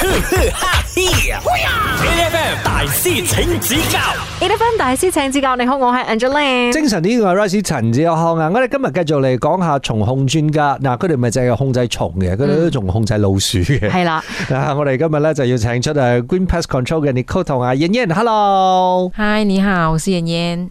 大師請指教，大師請指教。你好，我係 Angel。精神啲嘅 Rice 陳志康啊，我哋今日繼續嚟講下蟲控專家。嗱，佢哋咪淨係控制蟲嘅，佢哋都仲控制老鼠嘅。係啦， 我哋今日咧就要請出誒 Green Pest Control 嘅 Nico 同阿燕燕，Hello。Hi，你好，我是燕燕。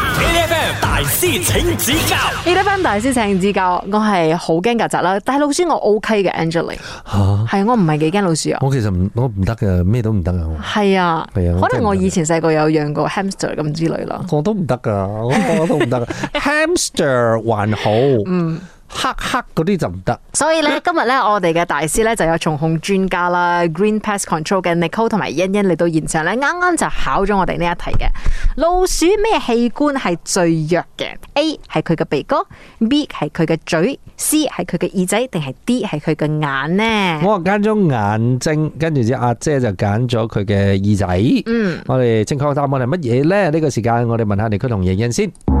大師請指教，Peter 大師請指教，我係好驚曱甴啦，但係老鼠我 OK 嘅，Angela 吓，係我唔係幾驚老鼠啊，我其實唔我唔得嘅，咩都唔得啊，係啊，係啊，可能我以前細個有養過 hamster 咁之類咯，我都唔得噶，我都唔得 ，hamster 還好，嗯。黑黑嗰啲就唔得，所以咧今日咧我哋嘅大師咧就有蟲控專家啦，Green Pest Control 嘅 Nicole 同埋欣欣嚟到現場咧，啱啱就考咗我哋呢一題嘅，老鼠咩器官係最弱嘅？A 係佢嘅鼻哥，B 係佢嘅嘴，C 係佢嘅耳仔，定係 D 係佢嘅眼呢？我揀咗眼睛，跟住之後阿姐就揀咗佢嘅耳仔。嗯，我哋正確嘅答案係乜嘢咧？呢個時間我哋問下你佢同欣欣先。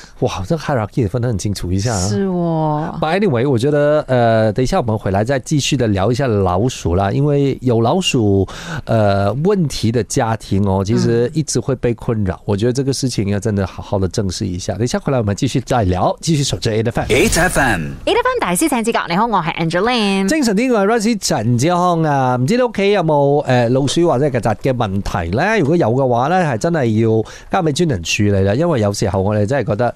哇，這個 Hierarchy 分得很清楚，一下、啊、是哦。But anyway，我覺得，呃等一下我們回來再繼續的聊一下老鼠啦，因為有老鼠，呃問題的家庭哦，其實一直會被困擾。嗯、我覺得這個事情要真的好好的正視一下。等一下回來我們繼續再聊，繼續守着 Eight FM。Eight FM。Eight FM 大師請指教，你好，我是 Angelina。精神癲嘅 Rusty 陳志康啊，唔知你屋企有冇誒、呃、老鼠或者曱甴嘅問題咧？如果有嘅話咧，係真係要交俾專人處理啦，因為有時候我哋真係覺得。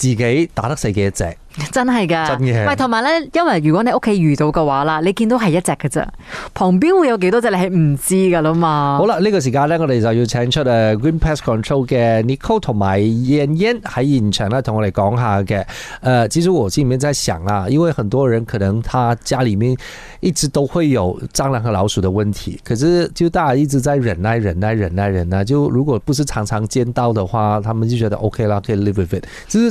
自己打得死幾隻，真係噶，真嘅係。同埋咧，因為如果你屋企遇到嘅話啦，你見到係一隻嘅啫，旁邊會有幾多隻你係唔知噶啦嘛。好啦，呢個時間咧，我哋就要請出誒 Green Pest Control 嘅 Nicole 同埋燕燕 Yan Yan 喺現場咧，同我哋講下嘅。誒、呃，其實我心裏面在想啦，因為很多人可能他家裏面一直都會有蟑螂和老鼠的問題，可是，就大家一直在忍耐、忍耐、忍耐、忍耐。就如果不是常常見到嘅話，他們就覺得 OK 啦，可以 live with it，就是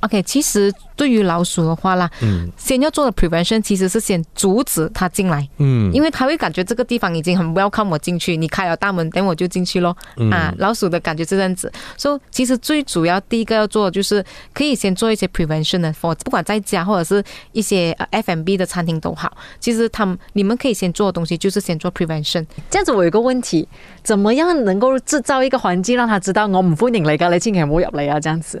OK，其實對於老鼠的話啦，嗯，先要做的 prevention 其實是先阻止它進來，嗯，因為它會感覺這個地方已經很 welcome 我進去，你開了大門，等我就進去咯。嗯啊，老鼠的感覺是這樣子，所、so, 以其實最主要第一個要做的就是可以先做一些 prevention 的，for 不管在家或者是一些 FMB 的餐廳都好，其實他們你們可以先做的東西就是先做 prevention，這樣子。我有個問題，怎麼樣能夠製造一個環境讓它知道我唔歡迎嘅你㗎來進、啊、嚟，唔好入嚟啊這樣子？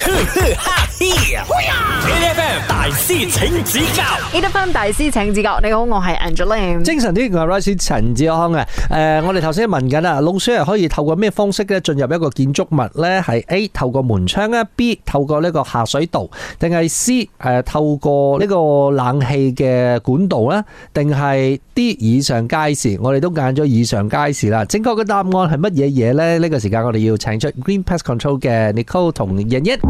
哈哈！A D F M 大師請指教，A D F M 大師請指教。你好，我係 Angela。精神啲，我係陳志康啊。誒，我哋頭先問緊啦，老鼠係可以透過咩方式咧進入一個建築物咧？係 A 透過門窗咧，B 透過呢個下水道，定係 C 誒透過呢個冷氣嘅管道咧，定係 D 以上皆是。我哋都揀咗以上皆是啦。正確嘅答案係乜嘢嘢咧？呢個時間我哋要請出 Green Pest Control 嘅 Nicole 同人一。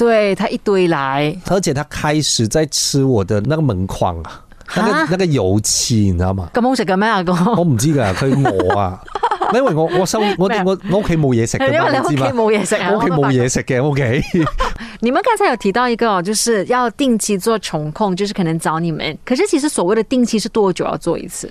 對他一堆來，而且他開始在吃我的那個門框啊，那個那個油漆，你知道嗎？的嗎我唔知噶，佢餓啊， 因為我我收我 我我屋企冇嘢食嘅。因 為你知嘛道？冇嘢食， 我屋企冇嘢食嘅 OK， 你們剛才有提到一個，就是要定期做蟲控，就是可能找你們。可是其實所謂的定期是多久要做一次？